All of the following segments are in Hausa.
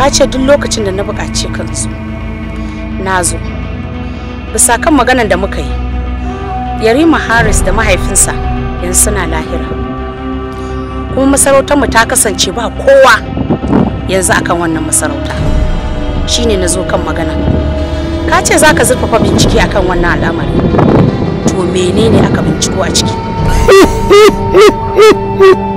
ka ce duk lokacin da na buƙace kansu nazo na zo bisa kan maganar da muka yi yarima harris da mahaifinsa yanzu suna lahira kuma masarautarmu ta kasance ba kowa yanzu akan wannan masarauta shine na zo kan magana ka ce za ka zurfafa bincike akan wannan al'amari to menene aka binciko a ciki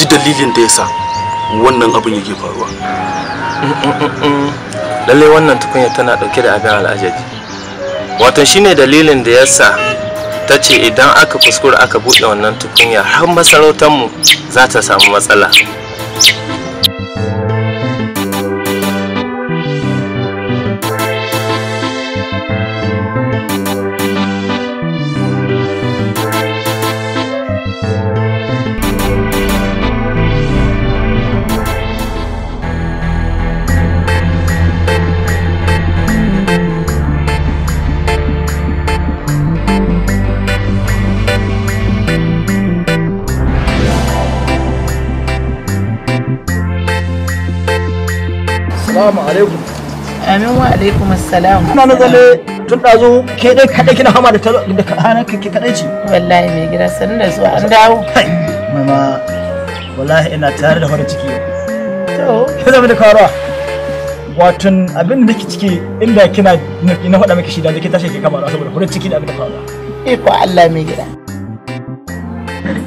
ji dalilin da yasa wannan abin yake faruwa lalle wannan tukunya tana dauke da abin al'ajabi wato shine dalilin da yasa ta ce idan aka kuskura aka buɗe wannan tukunya har masarautar mu za ta samu matsala Assalamu alaikum. Amin wa alaikum assalam. Ina na zale tun ɗazo ke dai kaɗai kina hama da ke kaɗai ce. Wallahi mai gida sanin da zuwa an dawo. Mama wallahi ina tare da farin ciki. To. Ke zama da kawarwa. Watan abin da nake ciki inda kina na faɗa miki shi da nake tashi ke kama saboda farin ciki da abin da kawarwa. ko Allah mai gida.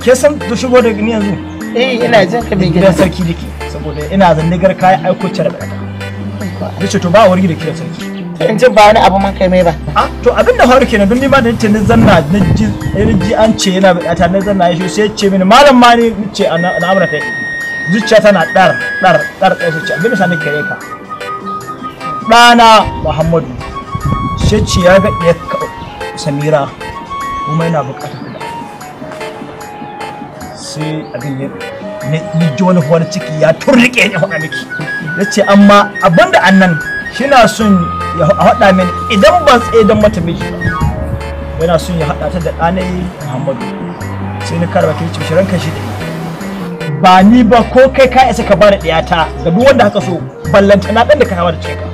Ke san to shigo da ni yanzu. Eh ina jin ka mai gida. Gidan sarki dake saboda ina zanne garka ya aiko cire da ya ce to ba wargi da kira sarki in ji ba wani abu man kai mai ba a ah, to abin da faru kenan don ni ma da yace ni zanna eh, na ji an ce yana bukata na zanna ya sai ce mini malam ma ni ce na amurka kai zuciya tana dar dar dar kai zuciya abin da sani kare ka ɗana muhammadu sai ce ya ga ɗaya samira kuma yana buƙata kula sai abin ya ni ji wani wani ciki ya turrike ya faɗa miki na ce amma abinda annan shina sun ya haɗa min idan ban tsaye don mata miji ba yana sun ya haɗa ta da ɗanayi muhammadu sai na karba kai cikin shirin shi da ba ni ba ko kai ka isa ka bada ɗiyata ga duk wanda haka so ballanta na ɗan da ka hawa da cika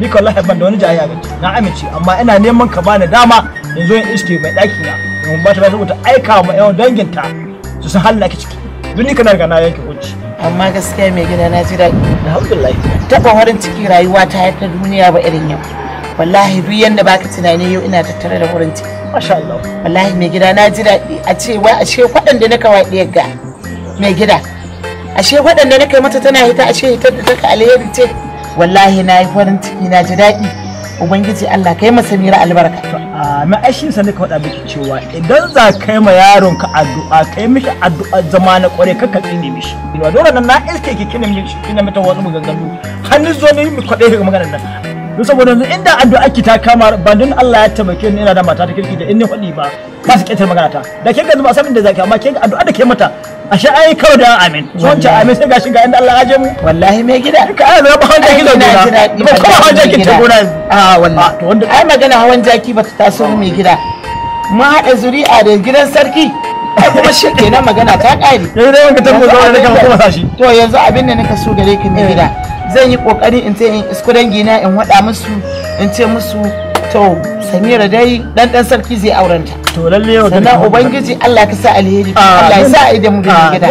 ni ka wallahi ban da wani jaya abinci na amince amma ina neman ka bani dama yanzu yin iske mai ɗaki na mun ba ta saboda aika ma yawan danginta su san halin ake ciki duk ni kana riga na yanke hukunci amma gaskiya mai gida na ji daɗi alhamdulillah taba farin ciki rayuwa ta ta duniya ba irin yau wallahi duk yanda baka tunani yau ina tattare da farin ciki masha Allah wallahi mai gida na ji daɗi a ce wai a ce kwaɗanda na kawai ɗiyar ga mai gida ashe waɗanda na kai mata tana hita ashe hita da taka alheri ce wallahi na yi farin ciki na ji daɗi ubangiji Allah kai masa mira albarka Ah, na ashin sa ne ka faɗa miki cewa idan za kai ma yaron ka addu'a kai mishi addu'a zama na kware kakka ne mishi ina dole nan na iske ki kina mishi kina mata wani maganganu hannu zo ne mi kwade ga maganar nan don saboda yanzu inda addu'a ki ta kama bandun don Allah ya taimake ni ina da mata ta kirki da in ni faɗi ba ka su ƙetar magana ta da ke ga zuma san da zaki amma ke ga addu'a da ke mata ashe ai kawai da amin sun ce amin sai gashi ga inda Allah ya mu wallahi mai gida ka ai ba hawan jaki da gona ba kuma hawan jaki ta gona a wallahi ah, ah, to wanda ai magana hawan jaki ba ta taso mai gida ma haɗa zuri'a da gidan sarki kuma shi kenan magana ta ƙare yanzu dai wanka tambo zuwa da kuma kuma sashi to yanzu abin da nika so gare ki mai gida eh. zan yi kokari in ce in iskudangi na in waɗa musu in ce musu to samira dai dan dan sarki zai aurenta to lalle yau sannan ubangiji Allah ka sa alheri Allah ya sa a idan gida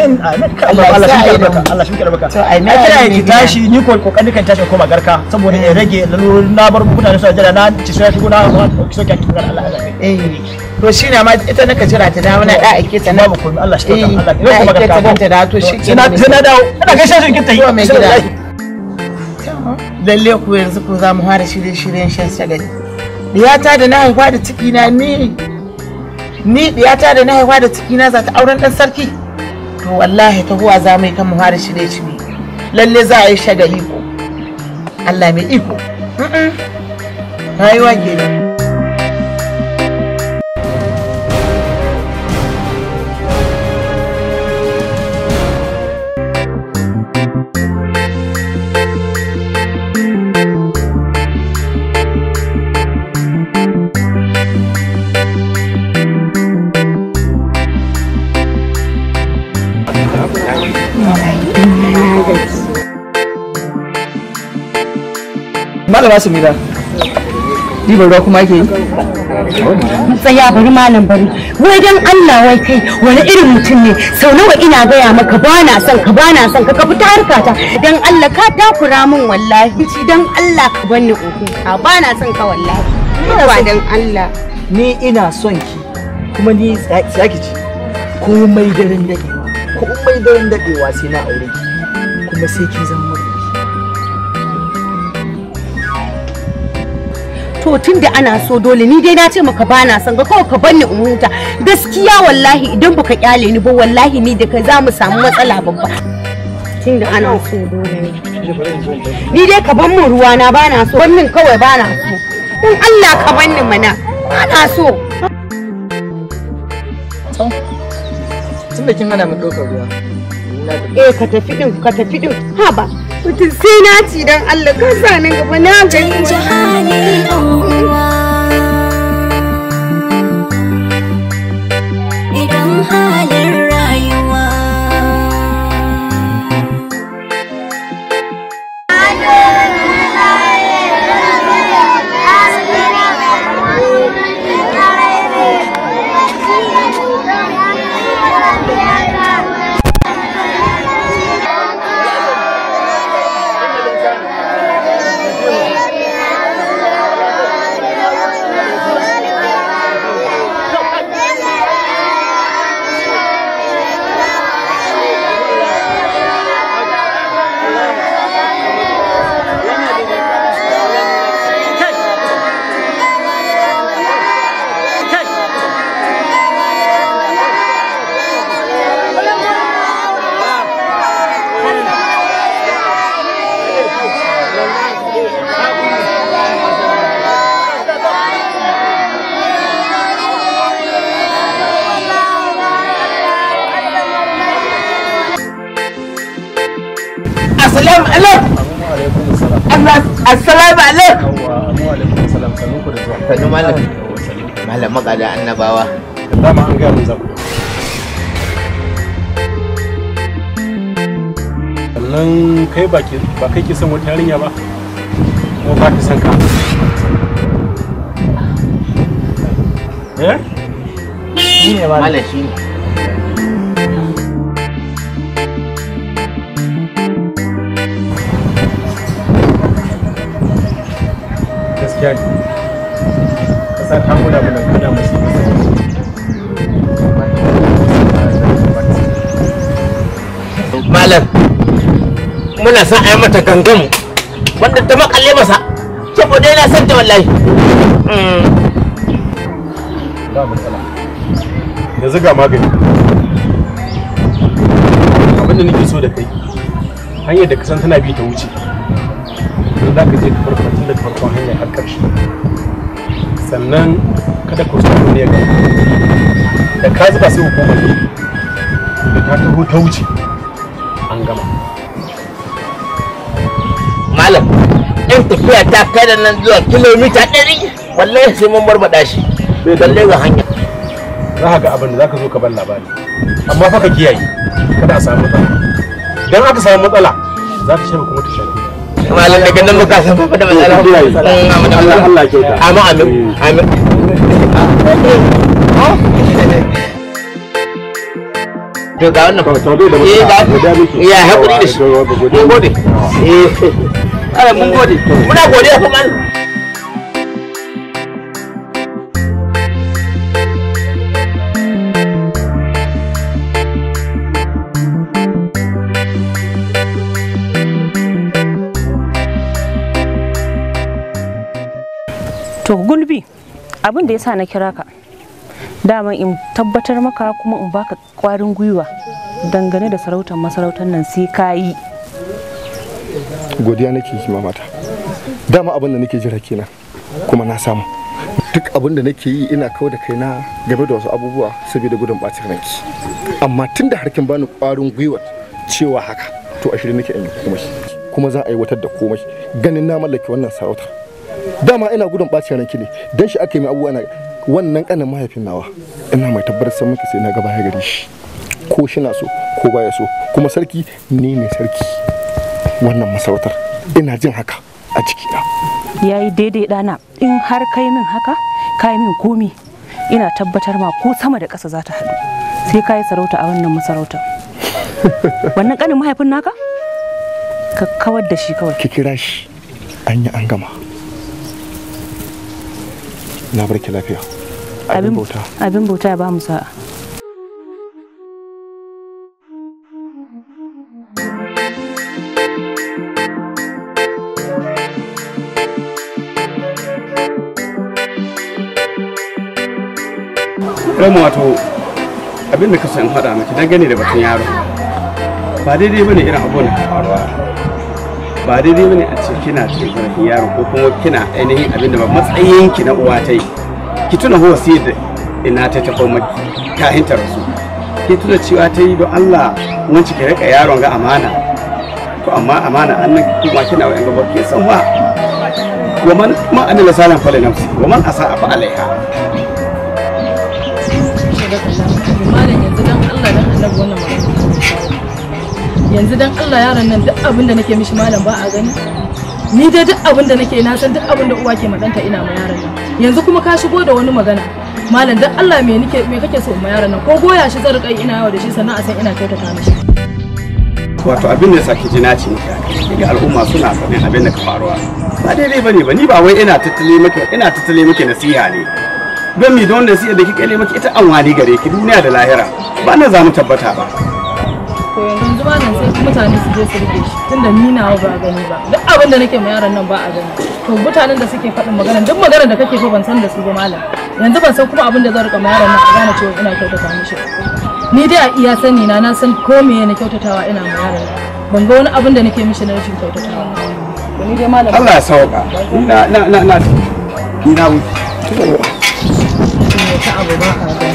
Allah ya shi karbaka to ai na kira ki tashi ni ko kokari tashi koma garka saboda in rage na bar mutane su jira na ci sai so ki Allah Allah eh to ma ita ta da ake ta na Allah shi eh, Allah kuma ta da to shi ke na na ina ki lalle ku yanzu ku za mu fara shirye-shiryen shan Liyata da na haifa da ciki ni ni diyata da na haifa da ciki na za ta auren dan sarki to wallahi ta huwa za mu yi kan mu fara shirye shirye lalle za a yi shagali ko Allah mai iko rayuwa kenan ba su mi ba ribar ruwa kuma ake yi tsaya bari malam bari wai dan Allah wai kai wani irin mutum ne sau nawa ina gaya maka ba na son ka ba na son ka ka fita harka ta dan Allah ka takura min wallahi dan Allah ka banni uku ka ba na son ka wallahi ba dan Allah ni ina son ki kuma ni tsaki ci komai daren dadewa komai daren dadewa sai na aure kuma sai ki zama to tun da ana so dole ni dai na ce maka ba na son ga kawai ka bar ni in huta gaskiya wallahi idan baka kyale ni ba wallahi ni da kai za mu samu matsala babba tun da ana so dole ni dai ka ban mu ruwa na ba na so wannan kawai ba na so in Allah ka banni mana ba na so tun da kin hana mu ɗaukar ruwa eh ka tafi din ka tafi din ha ba mutum sai na ci don Allah sa nan gaba na gani idan halin assalamu alaikum assalamu ba kai wata yarinya ba ko ba ka eh? ne ne. gaskiya mu malam muna son mata gangan wanda ta makalle masa saboda yana son ta wallahi mm. ba matsala yanzu ga magani abinda nake so da kai hanyar da kasan tana bi ta wuce in za ka je ka farko tun daga farkon hanya har ƙarshe sannan kada ku samu ne ga da ka zuba sai hukumar ne da ta taho ta wuce an gama malam ɗan tafiya ta kai da nan zuwa kilomita ɗari wallahi sai mun barbaɗa shi bai balle ga hanya za ka ga abin da za ka zo ka bar labari amma fa ka kiyaye kada a samu matsala idan aka samu matsala za ta shafa kuma ta shafa malam daga nan muka san fafa da matsala Allah ke ta amin amin amin to ga wannan fa to ya hakuri da shi mun gode eh ala mun gode muna godiya kuma to gulbi abin da sa na kira ka dama in tabbatar maka kuma in baka kwarin gwiwa dangane da sarautar masarautar nan sai ka yi godiya nake yi mamata dama abin da nake jira kenan kuma na samu duk abin da nake yi ina kawo da kaina game da wasu abubuwa saboda gudun bacin ranki amma tun da harkin bani kwarin gwiwa cewa haka to ashirin nake in yi komai kuma za a aiwatar da komai ganin na mallake wannan sarautar dama ina gudun ɓacin ranki ne dan shi aka yi abubuwa na wannan kanin mahaifin nawa ina mai tabbatar san miki sai na gaba ya gare shi ko shi na so ko baya so kuma sarki ni ne sarki wannan masarautar ina jin haka a na ya yi daidai dana in har kai min haka kai min komi ina tabbatar ma ko sama da ƙasa za ta haɗu sai ka yi sarauta a wannan masarautar wannan kanin mahaifin naka ka kawar da shi kawai ki kira shi an yi an gama na barki lafiya abin bauta abin bauta ba mu sa'a Rama wato abin da ka san hada miki dangane da batun yaro ba daidai bane irin abubuwan da faruwa ba daidai bane a ce kina cin zarafin yaro ko kuma kina ainihin abinda ba matsayin ki na uwa ta yi ki tuna sai da ina ta tafi maki kahin ta rasu ki tuna cewa ta yi don Allah wanci ki rika yaron ga amana to amma amana annan kuma kina wa'in gaba ki san wa man ma amila salan fala nafsi man asa afa alaiha malam yanzu dan Allah dan Allah wannan magana yanzu dan Allah yaron nan duk abin da nake mishi malam ba a gani ni dai duk abin da nake na san duk abin da uwa ke maganta ina ma yaron nan yanzu kuma ka shigo da wani magana malam dan Allah me nake me kake so ma yaron nan ko goya shi zan ina yawa da shi sannan a san ina kyautata mishi wato abin da ya saki jina ce maka ga al'umma suna sanin abin da ka faruwa ba daidai bane ba ni ba wai ina tattale maka ina tattale maka nasiha ne don mi don nasiha da kike ne maka ita an wani gare ki duniya da lahira ba na za mu tabbata ba yanzu ma nan sai mutane su je su rike shi tunda ni nawa ba gani ba duk abin da nake ma yaron nan ba a gani to mutanen da suke faɗin magana duk magana da kake fa ban san da su ba malam yanzu ban san kuma abin da zan rika ma yaron nan a gane cewa ina kyautata mishi ni dai a iya sani na na san ko me yana kyautatawa ina ma yaron ban ga wani abin da nake mishi na rashin kyautatawa ni dai malam Allah ya sauka na na na ni na wuce ta abu ba a gani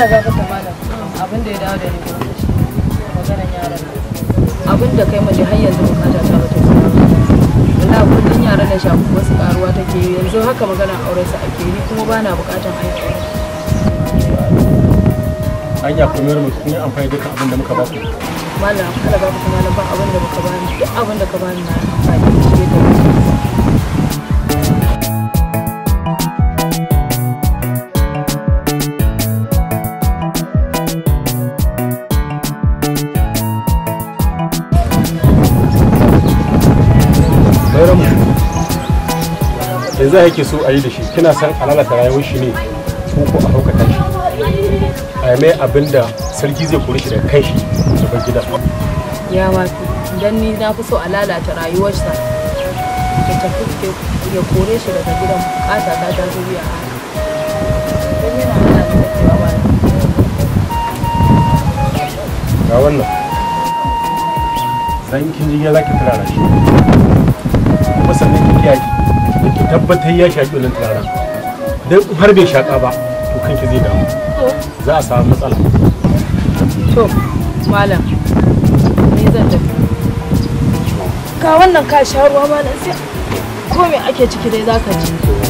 Allah za ka malam abin da ya dawo da ni maganar yaran abin da kai mace har yanzu bukata ta bata Allah kullun yaran da shafu wasu karuwa take yanzu haka magana auren su ake ni kuma bana bukatan aiki anya kuma mu kun amfani abin da muka ba ku malam kada ba ku malam ba abin da muka ba ni duk abin da ka ba ni na amfani da shi za yake so a yi da shi kina san alala ta rayuwar shi ne ko ko a haukata shi a yi mai abin da sarki zai kori shi da kai shi da bar gida ya wafi dan ni na fi so a lalata rayuwarsa ya tafi ya kore shi daga gidan bukata ta ta zuriya dan yana hana mu da kewa ba ga wannan zan kin ji ya zaki turara shi kuma sannan ki kiyaye ki tabbatar ya shaki wannan turaren dan har bai shaƙa ba to kanki zai damu za a samu matsala to malam ni zan tafi ka wannan ka sha ruwa malam sai ko me ake ciki dai za ka ci.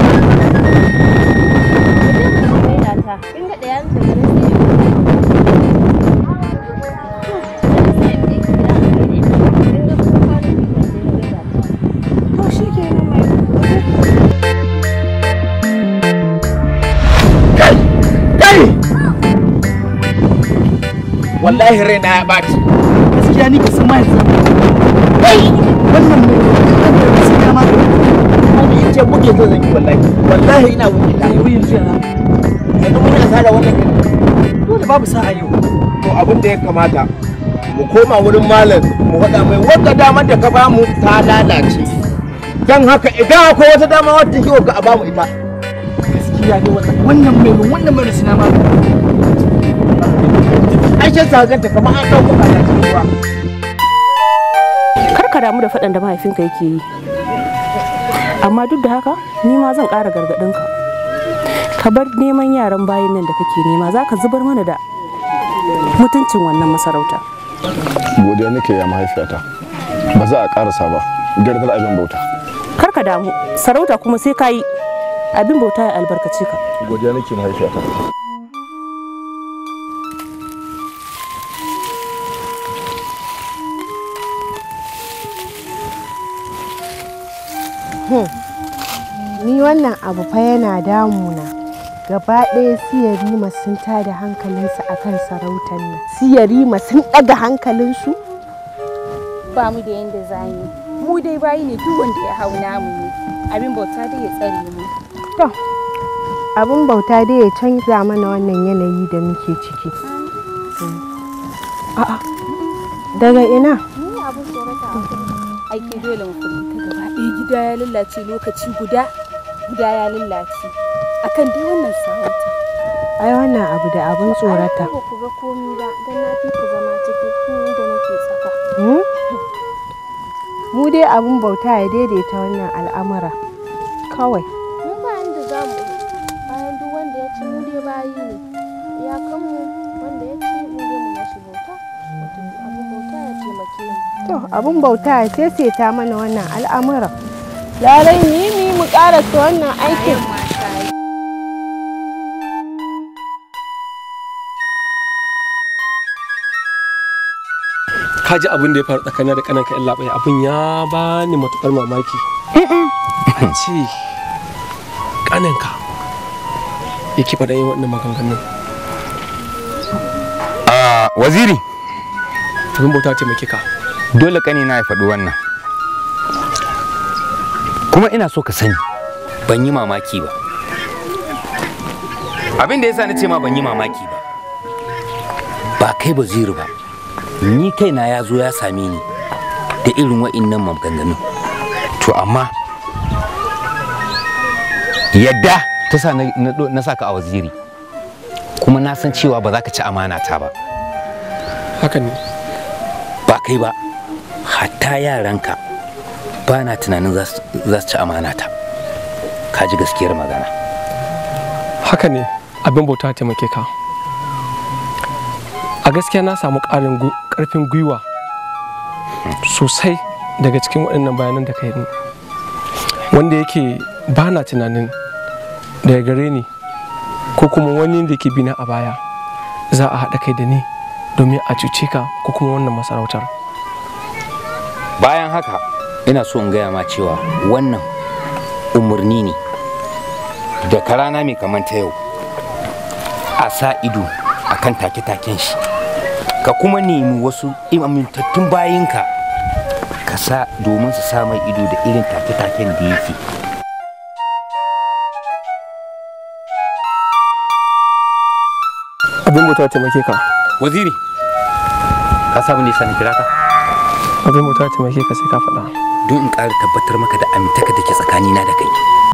wallahi raina ya gaskiya ni kai wannan mai wannan gaskiya ma ko ni ce buge zan yi wallahi wallahi ina buge ta yanzu yanzu wannan da babu sa'a yau to abin da ya kamata mu koma wurin malam mu faɗa mai wata damar da ka ba mu ta lalace don haka idan akwai wata dama wata kiwo ka a ba mu ita gaskiya ne wata wannan mai wannan mai suna ma aishin saganta kamar an ɗauko ba ta kar ka damu da faɗan da mahaifinka yake yi amma duk da haka ni ma zan ƙara gargaɗinka ka bar neman yaran bayan nan da kake nema za ka zubar mana da mutuncin wannan masarauta godiya nake ya mahaifiyata ba za a karasa ba gardar abin bauta kar ka damu sarauta kuma sai ka yi abin bauta ya albarkace ka godiya nake mahaifiyata Hmm. wannan abu fa yana damuna gaba ɗaya siyarima sun tada hankalinsu a kan sarautar nan siyarima sun ɗaga hankalinsu ba mu da yadda za mu mu dai bayi ne duk wanda ya hau namu ne abin bauta dai ya tsare mu to abin bauta dai ya canza mana wannan yanayi da muke ciki a'a daga ina ni abin tsorata aiki dole mu fahimta gaba ɗaya gida ya lalace lokaci guda gida ya lallace akan dai wannan sarauta ai wannan abu da abin tsorata ba ku ga komai ba dan na fi ku zama cikin da nake tsaka hmm? mu dai abun bauta ya daidaita wannan al'amura kawai mun ba inda za mu bayan duk wanda ya ci mu dai bayi ne ya kan wanda ya ci mu dai mu mashi bauta Abin bauta ya taimake mu to abun bauta ya ta mana wannan al'amura lalai ne su wannan aikin ka ji abin da ya faru tsakanin da kananka yan labai abin ya ba ni matukar mamaki a ce kananka kifa da yin wannan maganganun a ah, waziri abin bauta taimake ka dole kanina ya faɗi wannan kuma ina so ka sani ban yi mamaki ba abin da yasa na ce ma ban yi mamaki ba ba kai ba ba ni kaina ya zo ya same ni da irin wa'innan maganganun to amma yadda ta sa na saka a waziri kuma na san cewa ba za ka ci amana ta ba hakan ne ba kai ba hatta yaranka bana tunanin za su ci amanata ka ji gaskiyar magana haka ne abin bauta taimake ka a gaskiya na samu ƙarin ƙarfin gwiwa sosai daga cikin waɗannan bayanan da ka yi wanda yake bana na tunanin daga gare ni ko kuma wani da ke bina a baya za a haɗa kai da ni domin a cuce ka ko kuma wannan masarautar bayan haka ina so in gaya ma cewa wannan umarni ne da karana mai kaman ta yau a sa ido a kan take-taken shi ka kuma nemi wasu imamintattun bayinka ka sa domin su samun ido da irin take-taken da yake abin mutuwa taimake ka waziri ka samu nisan kira ka abin mutuwa taimake ka sai ka faɗa don in ƙara tabbatar maka da amintaka da ke tsakanina da kai